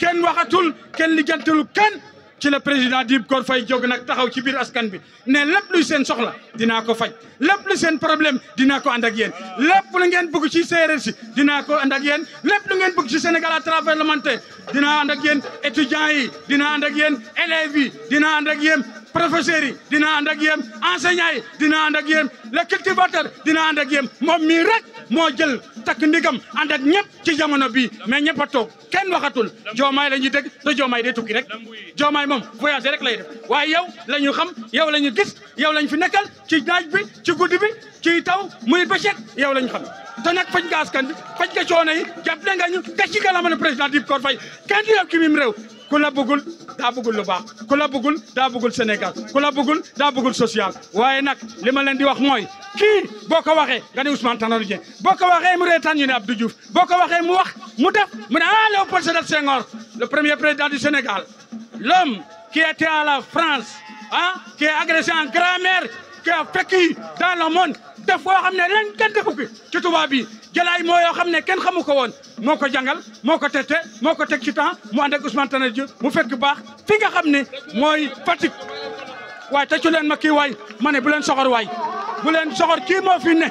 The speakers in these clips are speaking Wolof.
kenn waxatul kenn lijjantul kenn ci la président Dibkor fay jóg nag taxaw ci biir askan bi ne lapp luy seen soxla dinaa ko faj lépp lu seen problème dinaa ko ànd ak yéen lépp lu ngeen bëgg ci séeréer si dinaa ko ànd ak yéen lépp lu ngeen bëgg ci Sénégal à travers le dinaa ànd ak yéen étudiants yi dinaa ànd ak yéen élèves yi dinaa ànd ak yéen professeurs yi dina ànd ak yéen enseignants yi dina ànd ak yéen les cultivateurs dina ànd ak yéen moom mii rek moo jël takk ndigam ànd ak ñëpp ci jamono bii mais ñëpp a toog kenn waxatul joomaay la ñuy dégg te joomaay day tukki rek joomaay moom voyager rek lay def waaye yow la ñu xam yow la ñu gis yow lañ fi nekkal ci naaj bi ci guddi bi ci taw muy bëccëg yow la ñu xam te nag faj nga askan bi faj nga yi jàpp na ñu gàcce nga la mën a président Dibkor ku la bëggul daa bëggul lu baax ku la bëggul daa bëggul Sénégal ku la bëggul daa bëggul social waye nak li ma di wax moy ki boko ko waxee nga ne Ousmane Tanor Dieng boo ko waxee mu reetaan ñu ne Abdou Diouf boko ko mu wax mu def mu ne ah Léopold Senghor le premier président du Sénégal l'homme qui était à la France hein qui est agressé en grammaire qui a vécu dans le monde def koo xam ne lañ kenn defu ci tubaab bi jëlaay moo yoo xam ne kenn xamu ko woon moo ko jàngal moo ko tette moo ko teg ci temps mu ànd ak Ousmane Tanor Dieng mu fekk baax fi nga xam ne mooy Fatick waaye tëcu leen ma kii waay ma ne bu leen soxor waay bu leen soxor kii moo fi ne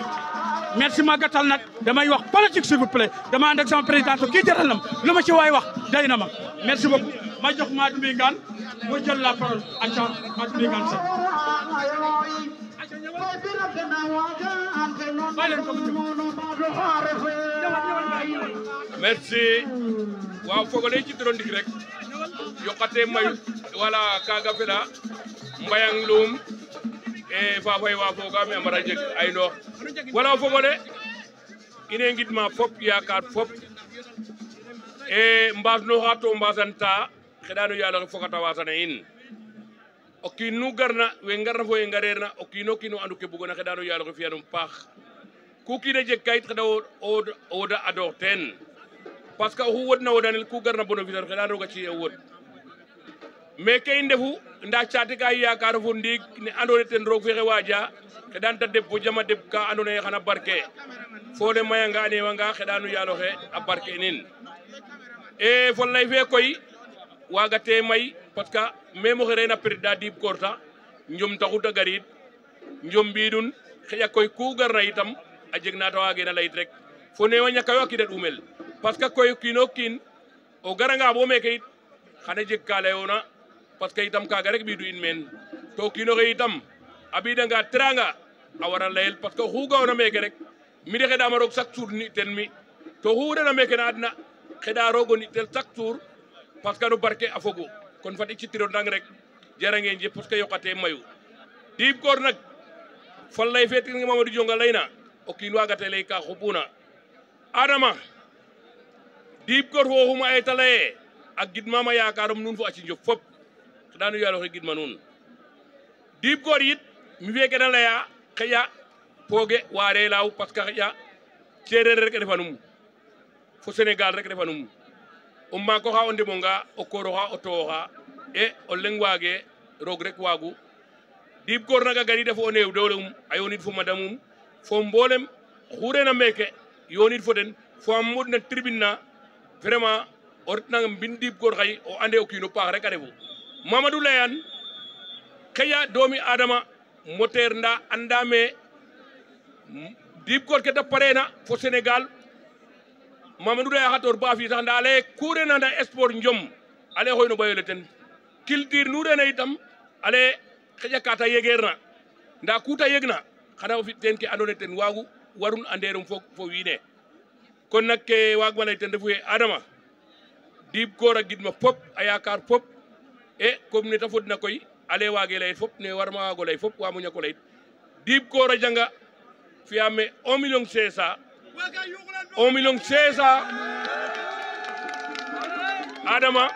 merci ma gàttal nag damay wax politique s'il vous plaît dama ànd ak sama présidente kii jaral na ma ci waay wax day na ma merci beaucoup ma jox Madou Mbingane mu jël la parole ak Madou Mbingane sax merci waaw fogole citoro ndik rek yoqate mayu wala kaga fela mbayang lum e fafay wa fogame a mbara ay noox wala o fogole ine ngidma fop yakar fop e mbaasnoxa to mbaasanta xeɗano yaloxe fogata wasana in Okinu kiinu garna we na fo we ngareerna andu ke bugona xeɗano yaal oxe fiyanum paax ku kiina jeg kayit daw woda adoox adorten parce que hu wodna wodanel ku garna ci e wod me ke inde hu nda caate ka yakar ni ndiig ne andone ten roog fexe ke xeɗan ta deb bo jama deb ka andona ne xana barke de mayanga a newanga xeɗanu he a barke nin e fo lay fe koy wagate may parce que même oxe rena président dib korta njom taxut a garid njom mbidun xëja koy ku garna itam a jeg na ta wageena layit rek fo neewa ñakayo a kida ɗumel parce que koy kiino kiin o garanga bo meke yit xana jeg ka layoona parce que kaaga rek ɓiidu in meen to o kiinoxe itam a ɓiidanga teranga a wara layel parce que oxu ga'oona meeke rek mi de xeɗaama roog chaque jour mi to oxu reɗa meeke na adna xeɗa o ni'tel chaque parce que no barke a fogu kon fat i citirondang rek jërë ngeen jëf parce que yokkatee mayu diib koor nag fan lay feeti Mamadou Dionga lay na o kiin waagatee lay ka xupuna adama diib koor fooxum a eeta laye a gidmaam a yaakaarom nuun fo a cinjof fop xeɗaanu yaal oxe gidma nuun diib koor yit mi feeke na laya xëƴa pooge waare laaw parce que ceereer rek refanum fo Sénégal rek refanum o maak oxa o ndeɓonga o koor oxa o tooxa e o leŋ waage roog rek waagu diib koor naga gariida fo o neew doole um a yoonid fo madame um fo mboolem xu meeke yoonid fo den fo a moɗna tribune na vraiment o retnanga mbin diib koor xay o ande o kiino paax rek a refu mamadou leyan xeƴa doomi adama moteur nda andame diib koor ke te pareena fo sénégal mamadou ha tor baafi tan nda ala kurenanda sport jom ala hoyno ɓayoyle ten culture nuɗena yitam ala xeƴa kata yegerna nda kuta yegna xana fi ten ke andone ten wagu warun anderum fo fo wiine kon nak ke wagma ley ten refu ye adama diib koor a gidma fop a yakar fop e comme ne ta fodna koy ale waage leyit fop ne warma waago ley fop wa muñako leyit diib koor a janga fiya me un million cinq Omilong oh, cesa adama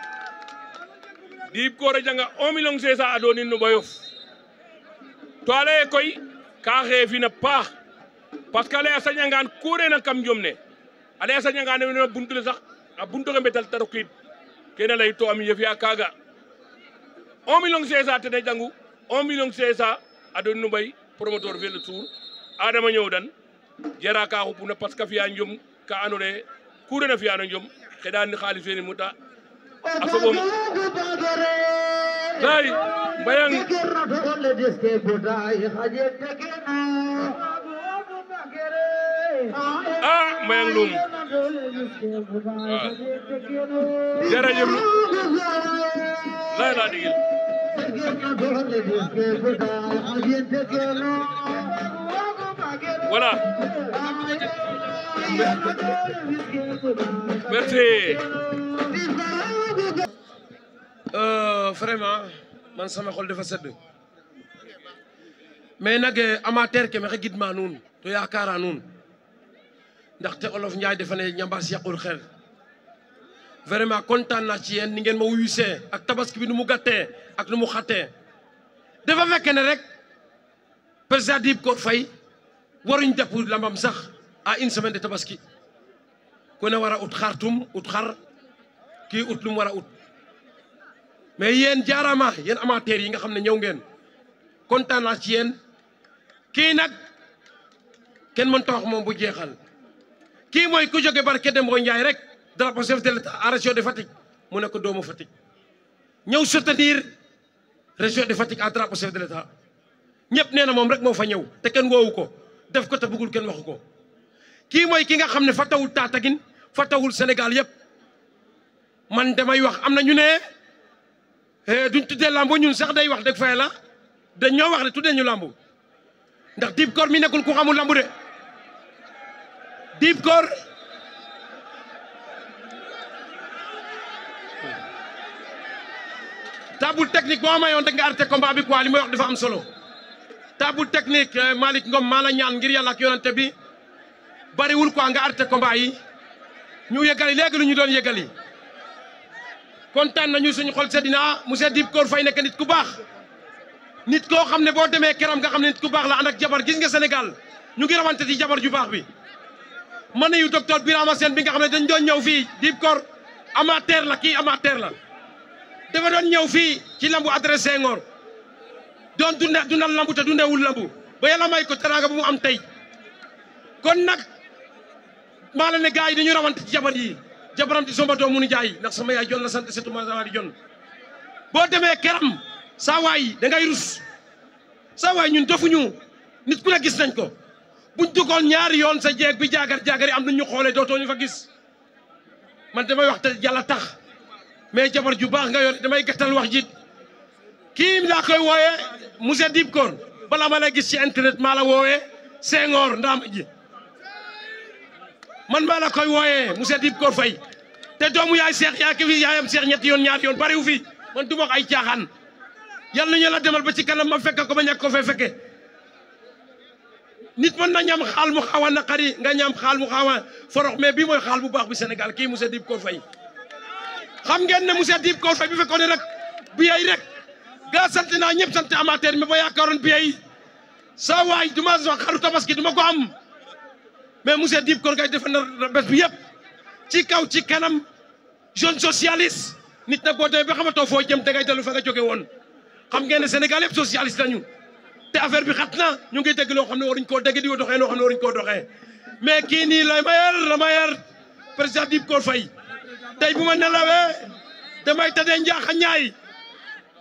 dib kore janga omilong oh, cesa adonin no bayof to ale koy ka na pa parce que kure na kam jomne ale a sañangan no buntu le sax a buntu ke metal tarokid kena lay to am yef ya kaga 1 million 500 tene jangu 1 adoni no bay promoteur tour adama ñew dan jaraka xuɓuna parce que fiya njom ka andoona yee ku rena fiyano njom xeɗan xaalis fene mu ta a soɓong lay mbayang a ah, mbayang lum ah. jarajef lay la voilà merci euh, vraiment man sama xol dafa sedd mais nag euh, amateur ke maxey gidma nuun to yaakaara nuun ndaxte olof Njaay dafa ne ñambaas yàqul xel vraiment kontaan naa ci yéen ni ngeen ma wuyusee ak tabaski bi nu mu gàttee ak nu mu xattee dafa fekk ne rek président Dibkor Faye waruñ jàpp lambam sax a une semaine de tabaski ko ne wara a ut ut khar ki ut lu wara ut mais yeen jaarama yeen amateur yi nga xamne ñew ngeen contane naa ci yeen ki nak ken mën tax mom bu jéxal ki moy ku barké dem bo ñay rek drapeau chef de l'État à région de fatik mu ko doomu soutenir région de fatik à drapeau chef de l'État ñep neena mom rek mo fa ñew te ken def ko te bëggul kenn waxu ko kii mooy ki nga xam ne fa tawul Tattaguine fa tawul Sénégal yëpp man damay wax am na ñu ne eh, duñ tuddee làmbu ñun sax day wax dëgg fay la dañ ñoo wax ne tuddee ñu làmbu ndax Dip Kor mi nekkul ku xamul làmbu de diib Kor table technique boo mayoon da nga arrêté combat bi quoi li may wax dafa am solo table technique eh, Malick Ngom maa la ñaan ngir yàlla ak yonante bi bariwul quoi nga arrêté combat yi ñu yëgali léegi lu ñu doon yëgali kontaan nañu suñu xol seddina monsieur Dib Koor Faye nekk nit ku baax nit koo xam ne boo demee këram nga xam ne nit ku baax la ànd ak jabar gis nga senegal ñu ngi rawante ci jabar ju baax bi ma nuyu docteur Birama Sène bi nga xam ne dañ doon ñëw fii Dib Koor amateur la kii amateur la dafa doon ñëw fii ci lambu a Ngor Don dunde dundal lambu te wul lambu ba yalla may ko teraanga bu mu am tay kon nak mala la ne gars dañu rawante ci jabar yi jabaram ci somba doo munu jaay nak sama yaay jonne la sant surtout ma di jon boo demee keram saa waay da ngay rus sa way ñun dofuñu nit ku la gis nañ ko buñ dugol ñaar yoon sa jeeg bi jaagar-jaagar yi am nañ ñu xoolee dootoo ñu fa gis man dama wax te yalla tax mais jabar ju baax nga yore damay gàttal wax ji kii laa koy wooyee monsieur Dibkor bala ma la gis ci internet maa la wooyee Senghor ndaam ji man maa la koy wooyee monsieur Dibkor Faye te doomu yaay seex yaa ki fi yaayam seex ñetti yoon ñaari yoon bariwu fi man du ma ay caaxaan yal na ñu la ba ci kanam ma fekk ko ba ñàkk koo fee fekke nit mën na ñam xaal mu xaw a naqari nga ñam xaal mu xaw a forox mais bii mooy xaal bu baax bi senegal kii monsieur Dibkor Faye xam ngeen ne monsieur Dibkor Faye bi fekkoon ne rek bi yey gaa sant naa ñëpp sant amateur mi ba yaakaaroon bi ay saa waay du ma wax xaru tabaski du ko am mais monsieur Dib kon kay defe na bés bi yëpp ci kaw ci kanam jeune socialiste nit nag boo demee ba xamatoo foo jëm dangay dellu fa nga jóge woon xam ngeen ne Sénégal yëpp socialiste lañu te affaire bi xat na ñu ngi dégg loo xam ne waruñ koo dégg di ko doxee xam ne waruñ koo doxee mais kii nii la mayer la mayer président Dib Kor tey bu ma nelawee damay tëddee njaaxa ñaay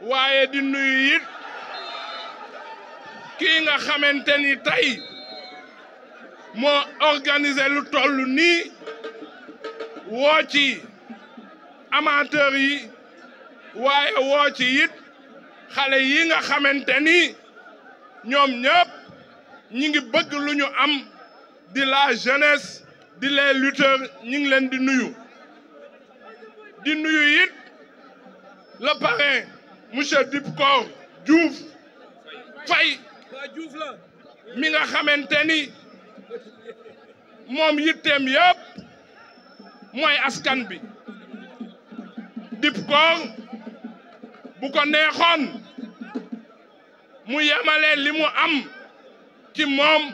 waaye di nuyu it kii nga xamante ni tey moo organise lu toll nii woo ci amateur yi waaye woo ci xale yi nga xamante ni ñoom ñëpp ñi ngi bëgg lu ñu am di la jeunesse di les lutteurs ñi ngi leen di nuyu di nuyu it le monsieur Dibkor Diouf Faye mi nga xamante ni moom yitteem yëpp moy askan bi Dibkor bu ko neexoon mu yemale li mu am ci moom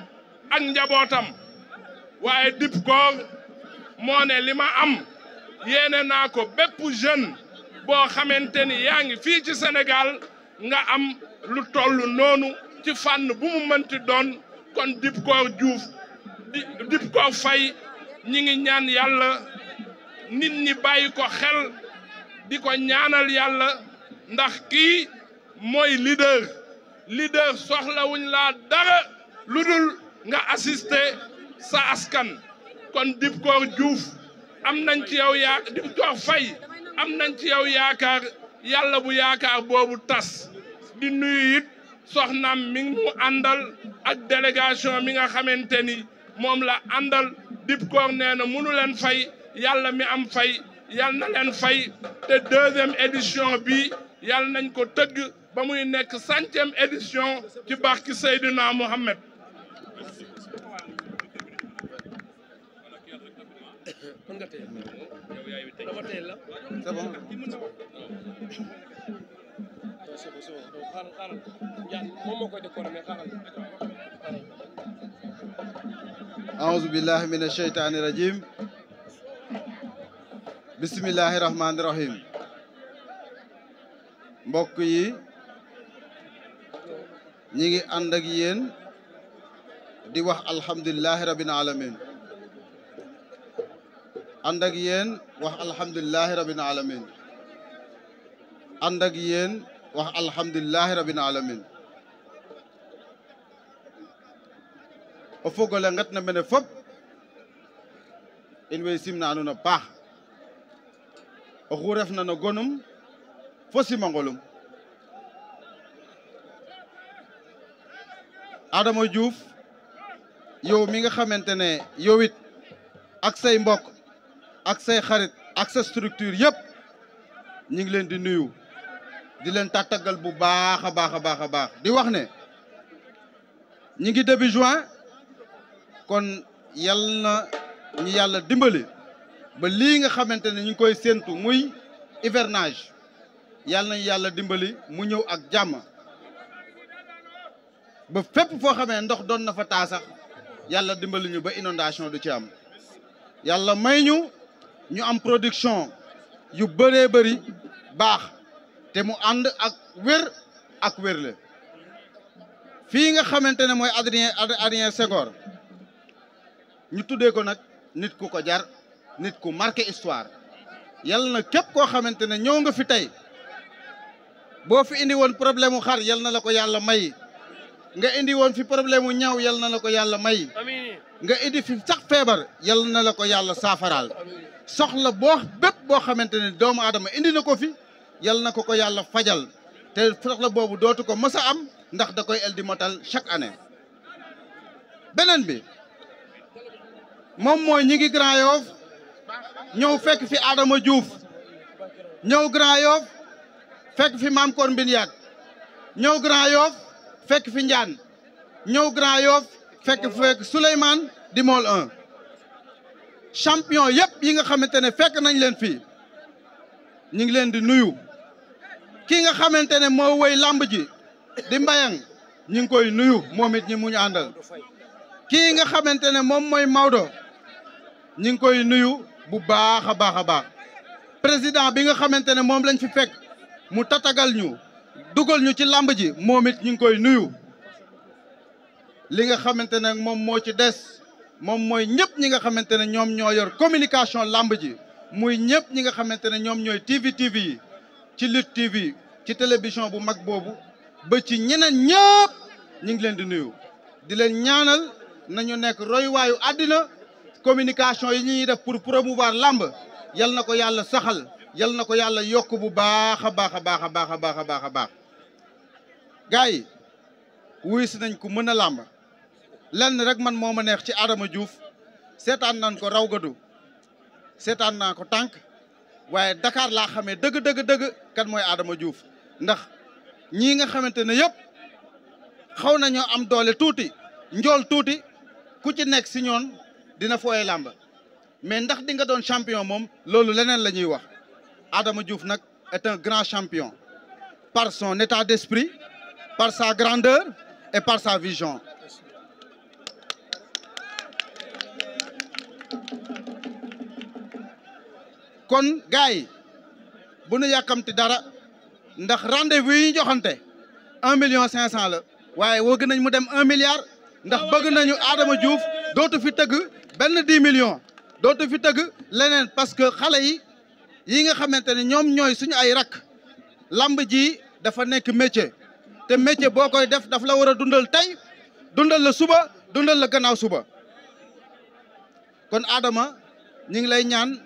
ak njabootam waaye Dibkor moo ne li ma am yéene naa ko bépp jeune boo xamante fan Sénégal nga am lu tollu nonu ci fànn bu mu mënti doon kon Dibko Diouf di Dibko Faye ñi ñaan nit xel leader leader wuñ la dara ludul nga assister sa askan kon ko Diouf am nañ ci yow am nañ ci yow yaakaar yàlla bu yaakaar boobu tas di nuyu it soxnaam mi mu àndal ak délégation mi nga xamante ni moom la àndal dib koor nee na mënu leen fay yàlla mi am fay yal na leen fay te deuxième édition bi yàlla nañ ko tëgg ba muy nekk centième édition ci barki Seydina Mohamed mën nga téyel dama téyel la c'est bon c'est bon xaaral xaaral yaa moom moo koy décorer mais xaaral أعوذ بالله من الشيطان الرجيم بسم الله الرحمن الرحيم mbokk yi ñi ngi ànd ak yéen di wax alhamdulilahi rabbil alamin ànd ak yéen wax alhamdulilahi rabbil alamin ànd ak yéen wax alhamdulilahi rabbil alamin o fogole ngatna mene fop in way simna nuun a paax oxu refna no gonum fo simangolum Adama Diouf yow mi nga xamante ne yow it ak say mbokk ak say xarit ak sa structure yëpp ñu ngi leen di nuyu di leen tàttagal bu baax a baax a baax a baax di wax ne ñi ngi début join kon yal na ñu yàlla dimbali ba lii nga xamante ne ñu ngi koy séentu muy hivernage yal nañu yàlla dimbali mu ñëw ak jàmm ba fépp foo xamee ndox doon na fa taasax yàlla dimbali ñu ba inondation du ci am yàlla may ñu ñu am production yu bëree bëri baax te mu ànd ak wér ak wér la fii nga xamante ne mooy Adrien Adrien Senghor ñu tuddee ko nag nit ku ko jar nit ku marqué histoire yal na képp koo xamante ne ñëw nga fi tey boo fi indi woon problème mu xar yal na la ko yàlla may nga indi woon fi problème mu ñaw yal na la ko yàlla may nga indi fi sax feebar yal na la ko yàlla saafaraal soxla boo bépp boo xamante ne doomu aadama indi na ko fi yal na ko ko yàlla fajal te soxla boobu dootu ko mës am ndax da koy el di motal chaque année. beneen bi moom mooy ñi ngi Grand Yoff ñëw fekk fi Adama Diouf ñëw Grand Yoff fekk fi Maam Koor Mbin Yaag ñëw Grand Yoff fekk fi Njaan ñëw Grand Yoff fekk fekk Souleymane di mool champion yëpp yi nga xamante ne fekk nañ leen fii ñu ngi leen di nuyu ki nga xamante ne moo woy làmb ji di mbayang ñu ngi koy nuyu moom it ñi mu ñu àndal kii nga xamante ne moom mooy Maodo ñu ngi koy nuyu bu baax a baax a baax président bi nga xamante ne moom lañ fi fekk mu tatagal ñu dugal ñu ci làmb ji moom it ñu ngi koy nuyu li nga xamante ne moom moo ci des moom mooy ñëpp ñi nga xamante ne ñoom ñoo yor communication làmb ji muy ñëpp ñi nga xamante ne ñoom ñooy TV TV yi ci Lutte TV ci télévision bu mag boobu ba ci ñeneen ñëpp ñu ngi leen di nuyu di leen ñaanal nañu nekk royuwaayu àddina communication yi ñuy def pour promouvoir làmb yal na ko yàlla saxal yal na ko yàlla yokk bu baax a baax a baax a baax a baax a baax a baax gars yi wuy nañ ku mën a làmb lenn rek man moo ma neex ci Adama Diouf seetaan nan ko raw gadu seetaan naa ko tànk waaye dakaar laa xamee dëgg dëgg dëgg kan mooy Adama Diouf ndax ñii nga xamante ne yëpp xaw nañoo am doole tuuti njool tuuti ku ci nekk si ñoon dina fooye làmb mais ndax di nga doon champion moom loolu leneen la ñuy wax Adama Diouf nag est un grand champion par son d'esprit par sa grandeur et par vision kon gars yi bu nu yàkkamti dara ndax rendez-vous yi joxante un million cinq cent la waaye woo nañ mu dem un milliard ndax bëgg nañu Adama Diouf dootu fi tëgg benn dix million dootu fi tëgg leneen parce que xale yi yi nga xamante ne ñoom ñooy suñu ay rakk lamb ji dafa nekk métier te métier boo koy def daf la war a dundal tey dundal la suba dundal la gannaaw suba kon Adama ñu ngi lay ñaan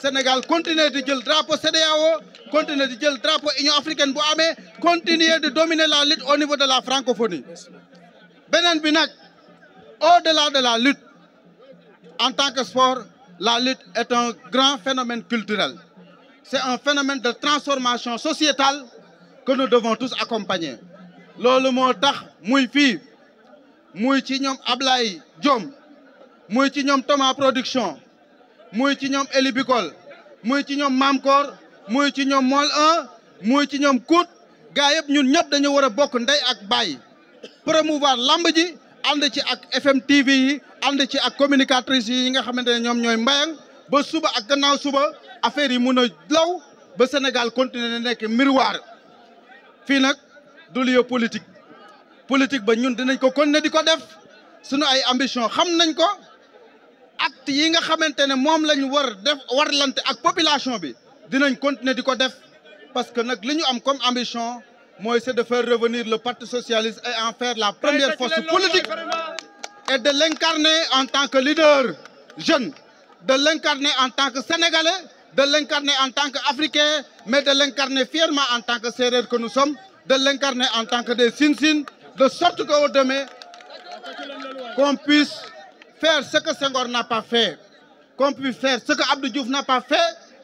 Sénégal continue de le drapeau CDAO, continue de le drapeau Union africaine bu continuer de dominer la lutte au niveau de la francophonie bénin bi au-delà de la lutte en tant que sport la lutte est un grand phénomène culturel c'est un phénomène de transformation sociétale que nous devons tous accompagner Lolu motax muy fi muy ci Ablaye Diom muy ci Thomas Production muy ci ñoom Eli Bikol muy ci ñoom Mamkor muy ci ñoom Mol en muy ci ñoom Kout gaa yëpp ñun ñëpp dañu war a bokk ndey ak baay promouvoir lamb ji ànd ci ak FM TV yi ànd ci ak communicatrices yi nga xamante ne ñoom ñooy mbayang ba suba ak gannaaw suba affaire yi mun a law ba Sénégal continuer na nekk miroir fii nag du lieu politique politique ba ñun dinañ ko continuer di ko def sunu ay ambition xam nañ ko. acte yi nga xamantene mom def ak population bi dinañ continuer parce que nous liñu comme ambition c'est de faire revenir le parti socialiste et en faire la première force politique et de l'incarner en tant que leader jeune de l'incarner en tant que sénégalais de l'incarner en tant qu'africain mais de l'incarner fièrement en tant que serreur que nous sommes de l'incarner en tant que des Sinsins, de sorte qu'au demain qu'on puisse faire ce que Senghor n'a pas fait, qu'on puisse faire ce que Abdou Diouf n'a pas fait,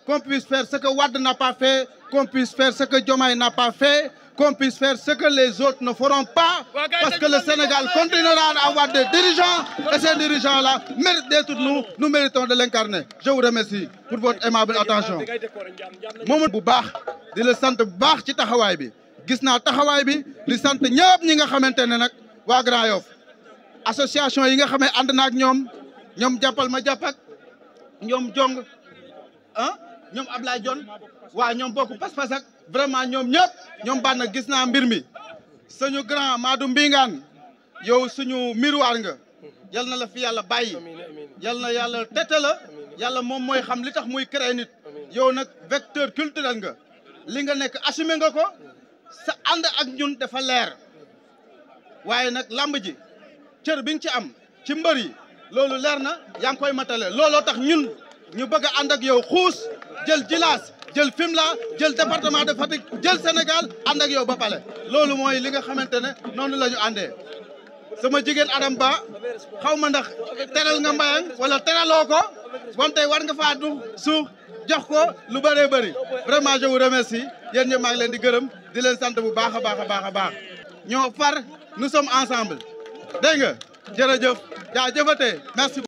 qu'on puisse faire ce que Wad n'a pas fait, qu'on puisse faire ce que Diomaye n'a pas fait, qu'on puisse faire ce que les autres ne feront pas, parce que le Sénégal continuera à avoir des dirigeants, et ces dirigeants-là méritent nous, nous méritons de l'incarner. Je vous remercie pour votre aimable attention. association yi nga xamé and nyom ñom ñom nyom ma ak jong nyom ah, ñom Ablaye Dione wa ñom bokku pas pass ak vraiment ñoom ñëpp ñoom bànn gis na mbir mi suñu grand Madou mbingan yow suñu miroir nga yal na la fi yalla bayyi yal na yalla tete la yàlla moom mooy xam li tax moy créer nit yow nak vecteur culturel nga li nga nek assumer nga ko sa and ak ñun dafa leer waye nak lamb ji cër bi nga ci am ci mbër yi loolu leer na yaa ngi koy matale looloo tax ñun ñu bëgg a ànd ak yow xuus jël jilaas jël Fimela jël département de Fatick jël Sénégal ànd ak yow ba pale loolu mooy li nga xamante ne noonu la ànde sama jigéen Adam Ba xaw ma ndax teral nga mbayang wala teraloo ko wante war nga faa du suuf jox ko lu bëree bëri vraiment je vous remercie yéen ñëpp maa ngi leen di gërëm di leen sant bu baax a baax a baax a baax ñoo far nous sommes ensemble dégg nga jërëjëf jaajëfate merci beaucoup